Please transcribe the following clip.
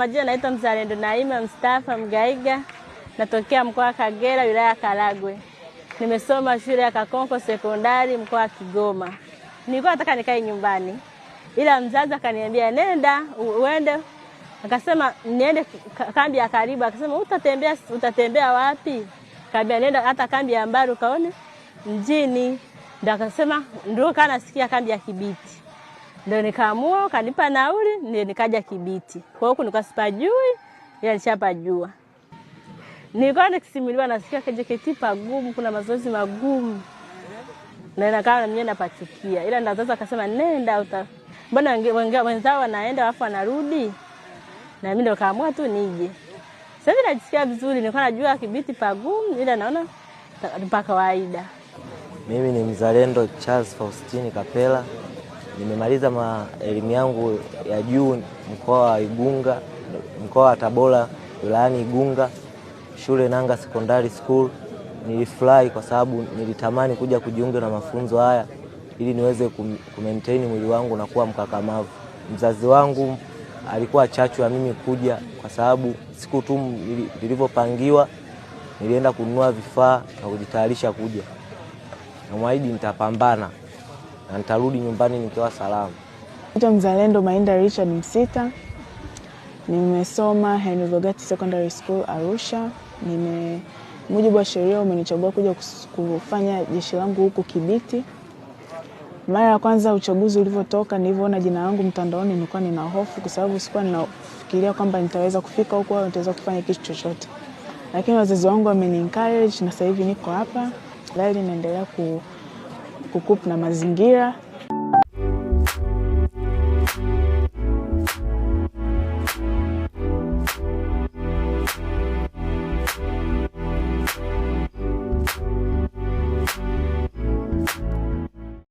majina naitwa mzalendo Naima Mstafa Mgaiga, natokea mkoa wa Kagera, wilaya ya Karagwe. Nimesoma shule ya Kakonko sekondari mkoa wa Kigoma. Nilikuwa nataka nikae nyumbani, ila mzazi akaniambia nenda uende, akasema niende kambi ya karibu, akasema utatembea, utatembea wapi? Kambi nenda hata kambi ya Mbaru kaone mjini, Ndio akasema ndio kana sikia kambi ya Kibiti ndio nikaamua, kanipa nauli, ndio nikaja Kibiti. Kwa hiyo nilikuwa sipajui, ila nishapajua. Nilikuwa nikisimuliwa nasikia KJKT pagumu, kuna mazoezi magumu, na nakawa mimi napachukia, ila ndazaza akasema nenda uta mbona wenzao wanaenda alafu wanarudi, na mimi ndio kaamua tu nije. Sasa hivi najisikia vizuri, nilikuwa najua Kibiti pagumu, ila naona ni kawaida. Mimi ni mzalendo Charles Faustini Kapela Nimemaliza elimu yangu ya juu mkoa wa Igunga, mkoa wa Tabora, wilayani Igunga, shule Nanga Secondary School. Nilifurahi kwa sababu nilitamani kuja kujiunga na mafunzo haya ili niweze kumaintain mwili wangu na kuwa mkakamavu. Mzazi wangu alikuwa chachu ya mimi kuja, kwa sababu siku tu nilivyopangiwa nilienda kununua vifaa na kujitayarisha kuja, namwahidi nitapambana na nitarudi nyumbani nikiwa salama. Naitwa mzalendo Mainda Richard Msita, nimesoma Henry Vogati Secondary School Arusha. Nime mujibu wa sheria umenichagua kuja kufanya jeshi langu huku Kibiti. Mara ya kwanza uchaguzi ulivyotoka, nilivyoona jina langu mtandaoni, nilikuwa nina hofu, kwa sababu sikuwa ninafikiria kwamba nitaweza kufika huko au nitaweza kufanya kitu chochote, lakini wazazi wangu wameni encourage na sasa hivi niko hapa, naendelea ku kukup na mazingira